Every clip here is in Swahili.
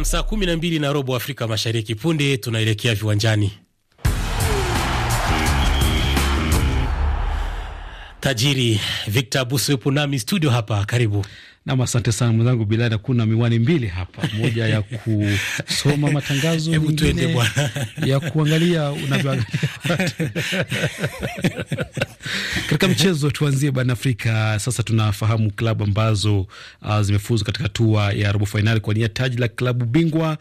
Nam, saa kumi na mbili na robo Afrika Mashariki. Punde tunaelekea viwanjani. Tajiri Victor Buso yupo nami studio hapa, karibu. Nam, asante sana mwenzangu Bilada, Kuna miwani mbili hapa, moja ya kusoma matangazo, nyingine ya kuangalia unavyoangalia katika mchezo. Tuanzie barani Afrika sasa. Tunafahamu klabu ambazo uh, zimefuzu katika hatua ya robo fainali nia taji la klabu bingwa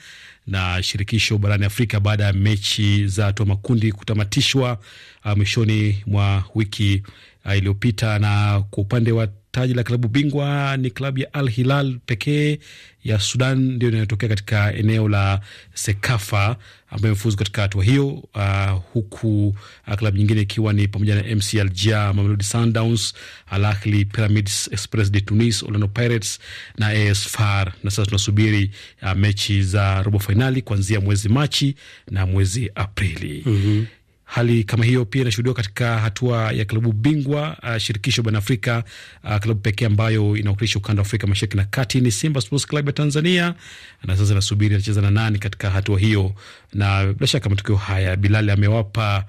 na shirikisho barani Afrika baada ya mechi za hatua makundi kutamatishwa uh, mwishoni mwa wiki uh, iliyopita. Na kwa upande wa Taji la klabu bingwa ni klabu ya Al Hilal pekee ya Sudan ndio inayotokea katika eneo la Sekafa ambayo imefuzu katika hatua hiyo, uh, huku uh, klabu nyingine ikiwa ni pamoja na MC Alger, Mamelodi Sundowns, Al Ahly, Pyramids Express de Tunis, Orlando Pirates na AS FAR. Na sasa tunasubiri uh, mechi za robo fainali kuanzia mwezi Machi na mwezi Aprili. mm -hmm. Hali kama hiyo pia inashuhudiwa katika hatua ya klabu bingwa uh, shirikisho barani Afrika. Uh, klabu pekee ambayo inawakilisha ukanda wa Afrika mashariki na kati ni Simba Sports Club ya Tanzania, na sasa nasubiri atacheza na nani katika hatua hiyo, na bila shaka matokeo haya Bilali amewapa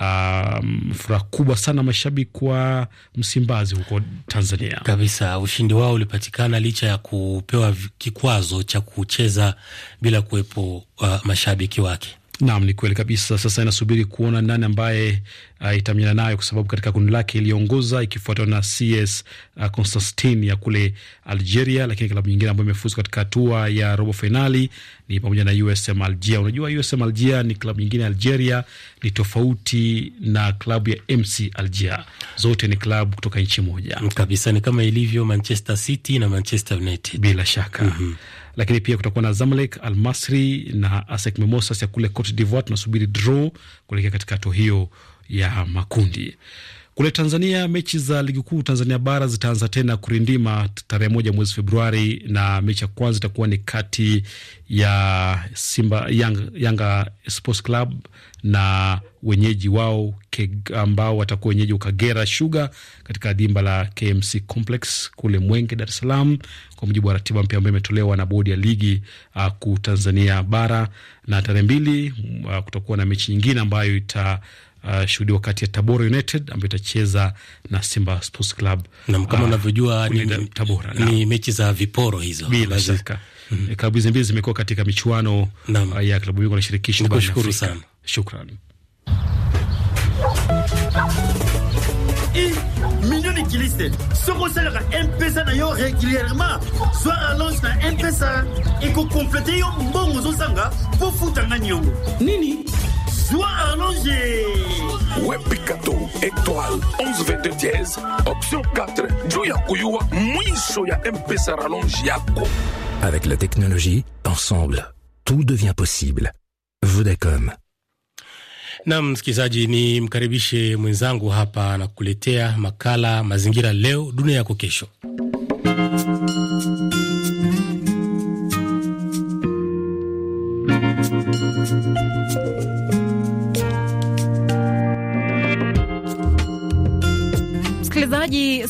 Um, furaha kubwa sana mashabiki wa Msimbazi huko Tanzania kabisa. Ushindi wao ulipatikana licha ya kupewa kikwazo cha kucheza bila kuwepo uh, mashabiki wake. Naam, ni kweli kabisa. Sasa inasubiri kuona nani ambaye uh, ah, itamenyana nayo kwa sababu katika kundi lake iliongoza ikifuatwa na CS uh, ah, Constantin ya kule Algeria, lakini klabu nyingine ambayo imefuzu katika hatua ya robo fainali ni pamoja na USM Alger. Unajua, USM Alger ni klabu nyingine ya Algeria, ni tofauti na klabu ya MC Alger. Zote ni klabu kutoka nchi moja kabisa, ni kama ilivyo Manchester City na Manchester United, bila shaka mm -hmm lakini pia kutakuwa na Zamalek, Al masri na ASEC Mimosas ya kule Cote d'Ivoire. Tunasubiri draw kuelekea katika hatua hiyo ya makundi. Kule Tanzania, mechi za ligi kuu Tanzania bara zitaanza tena kurindima tarehe moja mwezi Februari, na mechi ya kwanza itakuwa ni kati ya Simba Yanga, Yanga Sports Club na wenyeji wao ambao watakuwa wenyeji wa Kagera Sugar katika dimba la KMC Complex kule Mwenge, Dar es Salaam, kwa mujibu wa ratiba mpya ambayo imetolewa na bodi ya ligi uh, kuu Tanzania bara. Na tarehe mbili uh, kutakuwa na mechi nyingine ambayo ita uh, shuhudiwa kati ya Tabora United ambayo itacheza na Simba Sports Club nam, kama ah, unavyojua uh, ni, Tabora ni mechi za viporo hizo bila shaka. Mm -hmm. Klabu hizi mbili zimekuwa katika michuano uh, ya klabu bingwa na shirikisho barani Afrika. Shukran. Eh, Nini? Sois allongé. webpikato étoile 1122 dièse option 4 juya Kuyua, mwiso ya mpesa rallonge avec la technologie ensemble tout devient possible vodacom na msikilizaji ni mkaribishe mwenzangu hapa na kukuletea makala mazingira leo dunia yako kesho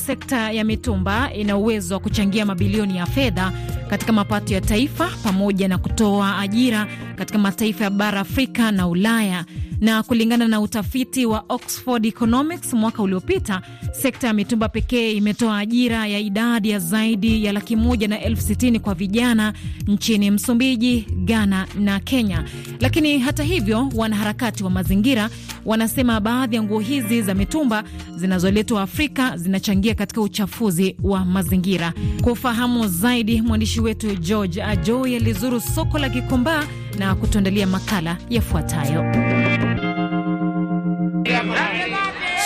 sekta ya mitumba ina uwezo wa kuchangia mabilioni ya fedha katika mapato ya taifa pamoja na kutoa ajira katika mataifa ya bara Afrika na Ulaya. Na kulingana na utafiti wa Oxford Economics mwaka uliopita, sekta ya mitumba pekee imetoa ajira ya idadi ya zaidi ya laki moja na elfu sitini kwa vijana nchini Msumbiji, Ghana na Kenya. Lakini hata hivyo, wanaharakati wa mazingira wanasema baadhi ya nguo hizi za mitumba zinazoletwa Afrika zinachangia katika uchafuzi wa mazingira. Kwa ufahamu zaidi, mwandishi wetu George Ajoi alizuru soko la Gikomba na kutuandalia makala yafuatayo.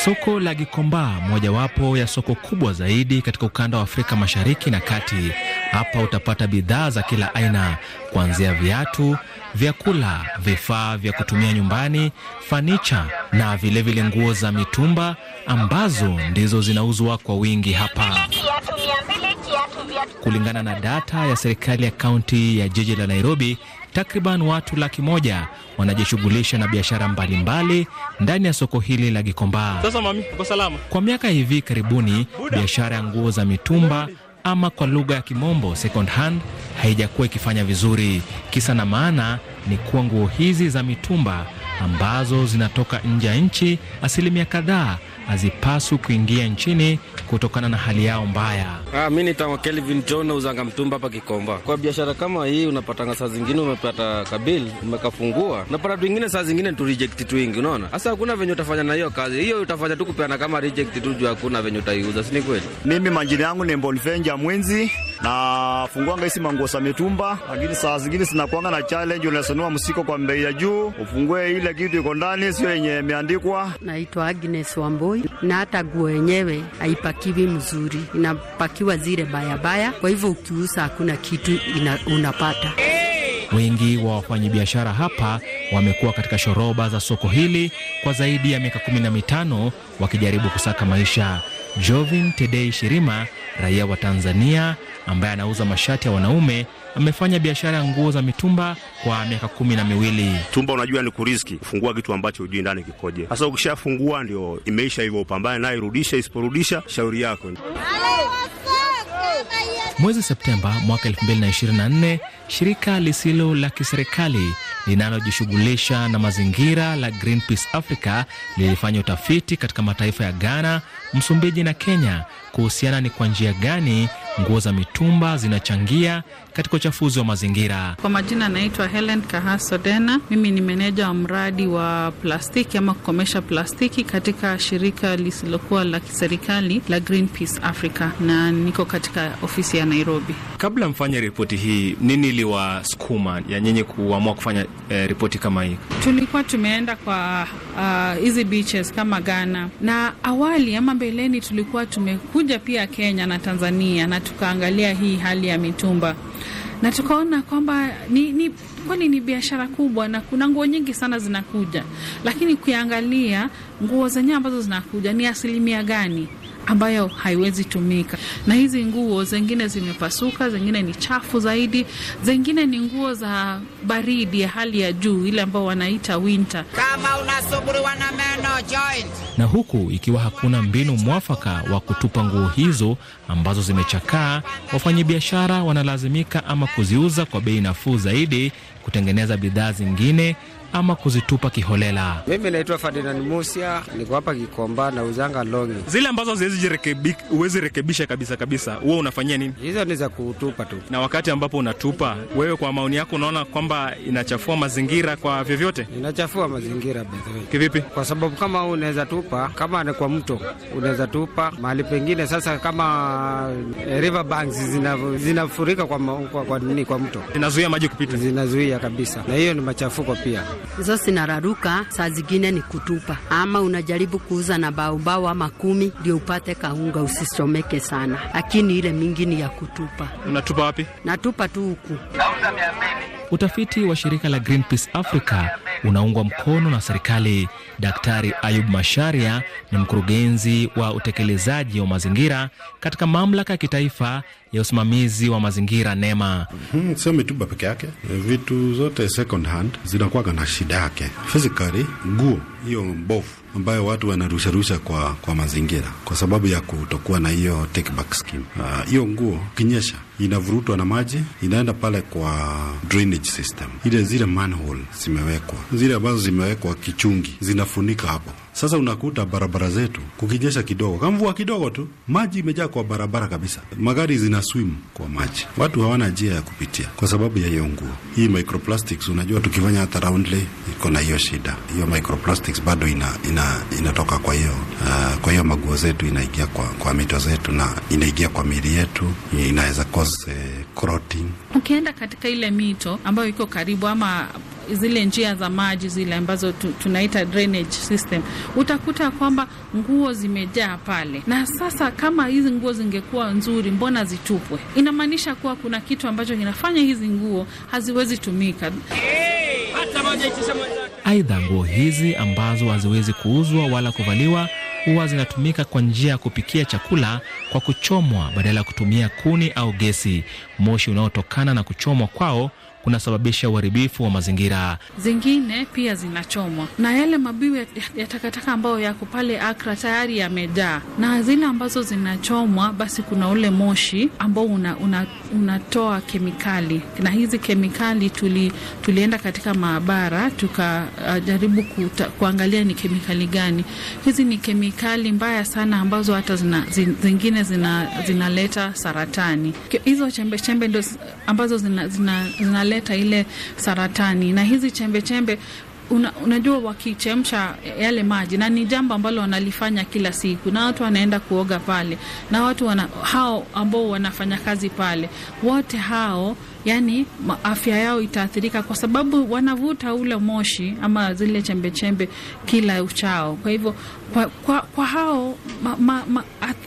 Soko la Gikomba, mojawapo ya soko kubwa zaidi katika ukanda wa Afrika Mashariki na Kati. Hapa utapata bidhaa za kila aina, kuanzia viatu, vyakula, vifaa vya kutumia nyumbani, fanicha na vilevile nguo za mitumba ambazo ndizo zinauzwa kwa wingi hapa. Kulingana na data ya serikali ya kaunti ya jiji la Nairobi, takriban watu laki moja wanajishughulisha na biashara mbalimbali ndani ya soko hili la Gikomba. Sasa mami, uko salama? Kwa miaka hivi karibuni, biashara ya nguo za mitumba ama kwa lugha ya kimombo second hand haijakuwa ikifanya vizuri. Kisa na maana ni kuwa nguo hizi za mitumba ambazo zinatoka nje ya nchi, asilimia kadhaa hazipaswi kuingia nchini kutokana na hali yao mbaya. Ah, mi nitama Kelvin John uzanga mtumba hapa Kikomba. Kwa biashara kama hii unapatanga saa zingine umepata kabil umekafungua, unapata tuingine saa zingine tu reject unaona hasa hakuna venye utafanya na hiyo kazi hiyo, utafanya tu kupeana kama reject tu juu hakuna venye utaiuza, si ni kweli? Mimi majina yangu ni Mbolvenja Mwinzi, funguanga isi manguo za mitumba, lakini saa zingine zinakuanga na challenge, unasanua msiko kwa mbei ya juu, ufungue ile kitu iko ndani, sio yenye imeandikwa. Naitwa Agnes Wamboi, na hata guo yenyewe haipakiwi mzuri, inapakiwa zile bayabaya, kwa hivyo ukiusa hakuna kitu ina, unapata Wengi wa wafanyabiashara hapa wamekuwa katika shoroba za soko hili kwa zaidi ya miaka kumi na mitano wakijaribu kusaka maisha. Jovin Tedei Shirima, raia wa Tanzania ambaye anauza mashati ya wanaume amefanya biashara ya nguo za mitumba kwa miaka kumi na miwili. Tumba unajua ni kuriski, fungua kitu ambacho hujui ndani kikoje. Sasa ukishafungua ndio imeisha hivyo, upambane naye, irudisha, isiporudisha shauri yako. Mwezi Septemba mwaka 2024 shirika lisilo la kiserikali linalojishughulisha na mazingira la Greenpeace Africa lilifanya utafiti katika mataifa ya Ghana, Msumbiji na Kenya kuhusiana ni kwa njia gani nguo za mitumba zinachangia katika uchafuzi wa mazingira. Kwa majina anaitwa Helen kahasodena Mimi ni meneja wa mradi wa plastiki ama kukomesha plastiki katika shirika lisilokuwa la kiserikali la Greenpeace Africa na niko katika ofisi ya Nairobi. Kabla mfanye ripoti hii, nini iliwasukuma ya nyinyi kuamua kufanya eh, ripoti kama hii? Tulikuwa tumeenda kwa ah, hizi uh, beaches kama Ghana, na awali ama mbeleni tulikuwa tumekuja pia Kenya na Tanzania, na tukaangalia hii hali ya mitumba na tukaona kwamba ni, ni kwani ni biashara kubwa na kuna nguo nyingi sana zinakuja, lakini ukiangalia nguo zenyewe ambazo zinakuja ni asilimia gani? ambayo haiwezi tumika. Na hizi nguo zengine zimepasuka, zengine ni chafu zaidi, zengine ni nguo za baridi ya hali ya juu, ile ambao wanaita winter. Kama unasumbuliwa na meno joint. Na huku ikiwa hakuna mbinu mwafaka wa kutupa nguo hizo ambazo zimechakaa, wafanyabiashara wanalazimika ama kuziuza kwa bei nafuu zaidi, kutengeneza bidhaa zingine ama kuzitupa kiholela. Mimi naitwa Ferdinand Musia, niko hapa Kikomba na uzanga longi. Zile ambazo huwezi rekebisha kabisa kabisa, huo unafanyia nini? Hizo ni za kutupa tu. Na wakati ambapo unatupa wewe, kwa maoni yako, unaona kwamba inachafua mazingira kwa vyovyote? Inachafua mazingira bedhwe. Kivipi? Kwa sababu kama unaweza tupa, kama ni kwa mto unaweza tupa mahali pengine. Sasa kama eh, river banks zinafurika zina kwa, kwa, kwa, kwa mto, zinazuia maji kupita, zinazuia kabisa, na hiyo ni machafuko pia hizo zinararuka, saa zingine ni kutupa, ama unajaribu kuuza na baobao ama kumi ndio upate kaunga usisomeke sana, lakini ile mingi ni ya kutupa. Unatupa wapi? Natupa tu huku. Nauza mia mbili Utafiti wa shirika la Greenpeace Africa unaungwa mkono na serikali. Daktari Ayub Masharia ni mkurugenzi wa utekelezaji wa mazingira katika mamlaka ya kitaifa ya usimamizi wa mazingira NEMA. Hmm, sio mitumba peke yake, vitu zote second hand zinakuwaga na shida yake. Physically nguo hiyo mbovu ambayo watu wanarusharusha kwa, kwa mazingira kwa sababu ya kutokuwa na hiyo take back scheme. Ah, hiyo uh, nguo kinyesha inavurutwa na maji inaenda pale kwa drainage system, ile zile manhole zimewekwa zile ambazo zimewekwa kichungi zinafunika hapo. Sasa unakuta barabara zetu kukinyesha kidogo, kama mvua kidogo tu, maji imejaa kwa barabara kabisa, magari zina swim kwa maji, watu hawana njia ya kupitia kwa sababu ya hiyo nguo. Hii microplastics, unajua tukifanya hata roundly iko na hiyo shida, hiyo microplastics bado ina, ina inatoka kwa hiyo uh, kwa hiyo maguo zetu inaingia kwa, kwa mito zetu na inaingia kwa mili yetu, inaweza cause eh, clotting. Ukienda katika ile mito ambayo iko karibu ama zile njia za maji zile ambazo tu, tunaita drainage system, utakuta kwamba nguo zimejaa pale. Na sasa kama hizi nguo zingekuwa nzuri, mbona zitupwe? Inamaanisha kuwa kuna kitu ambacho kinafanya hizi nguo haziwezi tumika. Hey, hata moja Aidha, nguo hizi ambazo haziwezi kuuzwa wala kuvaliwa huwa zinatumika kwa njia ya kupikia chakula kwa kuchomwa badala ya kutumia kuni au gesi. Moshi unaotokana na kuchomwa kwao kunasababisha uharibifu wa mazingira. Zingine pia zinachomwa na yale mabiu ya takataka ambayo yako pale Akra tayari yamejaa, na zile ambazo zinachomwa, basi kuna ule moshi ambao una, una, unatoa kemikali, na hizi kemikali tuli, tulienda katika maabara tukajaribu uh, kuangalia ni kemikali gani hizi. Ni kemikali mbaya sana ambazo hata zina, zingine zingine zina, zinaleta saratani. Hizo chembechembe ndo ambazo zinaleta zina, zina kuleta ile saratani na hizi chembe chembe Una, unajua wakichemsha yale maji na ni jambo ambalo wanalifanya kila siku, na watu wanaenda kuoga pale, na watu wana, hao ambao wanafanya kazi pale, wote hao yani afya yao itaathirika, kwa sababu wanavuta ule moshi ama zile chembechembe kila uchao. Kwa hivyo kwa, kwa, kwa hao ma, ma, ma,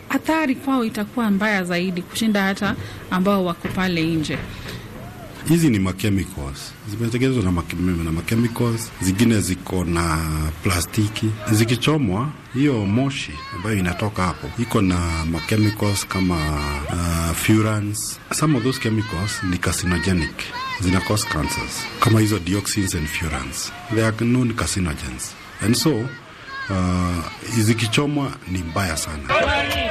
athari kwao itakuwa mbaya zaidi kushinda hata ambao wako pale nje hizi ni machemicals, zimetengenezwa na, na machemicals. Zingine ziko na plastiki, zikichomwa hiyo moshi ambayo inatoka hapo iko na machemicals kama uh, furans. Some of those chemicals ni carcinogenic, zina cause cancers kama hizo dioxins and furans, they are known carcinogens and so uh, zikichomwa ni mbaya sana. Bye.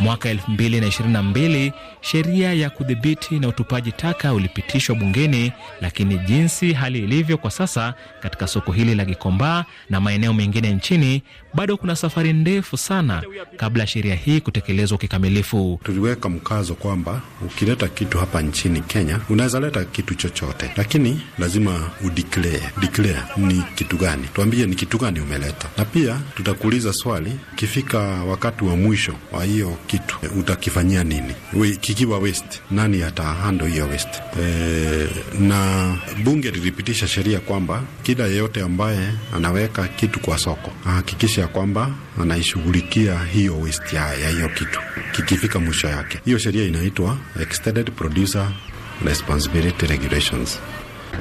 Mwaka 2022 sheria ya kudhibiti na utupaji taka ulipitishwa bungeni, lakini jinsi hali ilivyo kwa sasa katika soko hili la Gikomba na maeneo mengine nchini, bado kuna safari ndefu sana kabla ya sheria hii kutekelezwa kikamilifu. Tuliweka mkazo kwamba ukileta kitu hapa nchini Kenya unaweza leta kitu chochote, lakini lazima udeclare. Declare ni kitu gani? Tuambie ni kitu gani umeleta, na pia tutakuuliza swali ikifika wakati wa mwisho wa hiyo kitu e, utakifanyia nini? We, kikiwa west nani atahando hiyo west? E, na bunge lilipitisha sheria kwamba kila yeyote ambaye anaweka kitu kwa soko ahakikisha ya kwamba anaishughulikia hiyo west ya hiyo kitu kikifika mwisho yake. Hiyo sheria inaitwa Extended Producer Responsibility Regulations.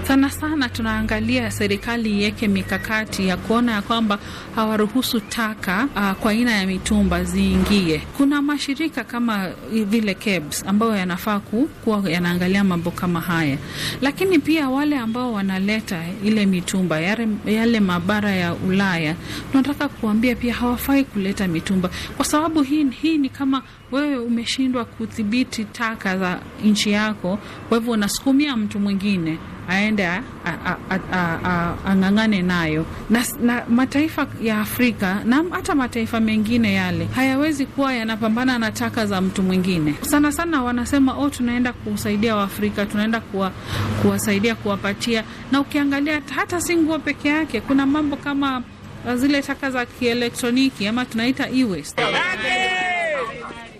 Sana sana tunaangalia serikali iweke mikakati ya kuona ya kwamba hawaruhusu taka uh, kwa aina ya mitumba ziingie. Kuna mashirika kama vile KEBS ambayo yanafaa kuwa yanaangalia mambo kama haya, lakini pia wale ambao wanaleta ile mitumba yale, yale mabara ya Ulaya, tunataka kuambia pia hawafai kuleta mitumba, kwa sababu hii, hii ni kama wewe umeshindwa kudhibiti taka za nchi yako, kwa hivyo unasukumia mtu mwingine aende ang'ang'ane nayo na, na mataifa ya Afrika na hata mataifa mengine yale hayawezi kuwa yanapambana na taka za mtu mwingine. Sana sana wanasema oh, tunaenda kusaidia Waafrika, tunaenda kuwa, kuwasaidia kuwapatia. Na ukiangalia hata si nguo peke yake, kuna mambo kama uh, zile taka za kielektroniki ama tunaita e-waste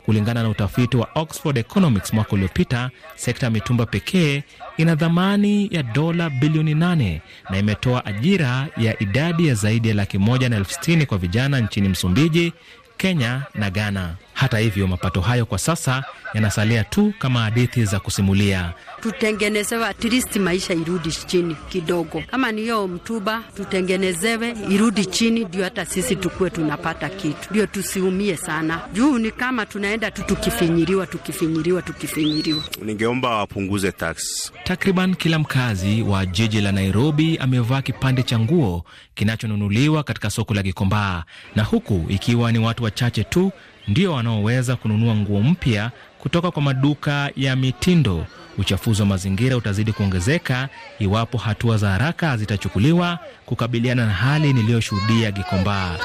Kulingana na utafiti wa Oxford Economics mwaka uliopita, sekta ya mitumba pekee ina thamani ya dola bilioni 8 na imetoa ajira ya idadi ya zaidi ya laki moja na elfu sitini kwa vijana nchini Msumbiji, Kenya na Ghana. Hata hivyo, mapato hayo kwa sasa yanasalia tu kama hadithi za kusimulia. Tutengenezewe at least maisha irudi chini kidogo, kama niyo mtuba, tutengenezewe irudi chini, ndio hata sisi tukuwe tunapata kitu, ndio tusiumie sana juu ni kama tunaenda tu tukifinyiriwa, tukifinyiriwa, tukifinyiriwa. Ningeomba wapunguze tax. Takriban kila mkazi wa jiji la Nairobi amevaa kipande cha nguo kinachonunuliwa katika soko la Gikomba, na huku ikiwa ni watu wachache tu ndio wanaoweza kununua nguo mpya kutoka kwa maduka ya mitindo. Uchafuzi wa mazingira utazidi kuongezeka iwapo hatua za haraka zitachukuliwa kukabiliana na hali niliyoshuhudia Gikomba.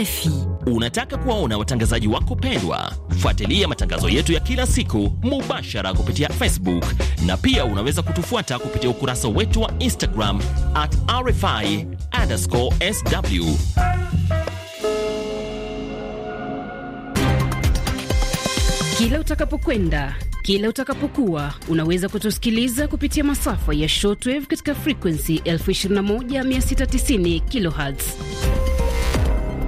RFI. Unataka kuwaona watangazaji wako pendwa? Fuatilia matangazo yetu ya kila siku mubashara kupitia Facebook na pia unaweza kutufuata kupitia ukurasa wetu wa Instagram at RFI underscore sw. Kila utakapokwenda kila utakapokuwa unaweza kutusikiliza kupitia masafa ya shortwave katika frequency 21690 kilohertz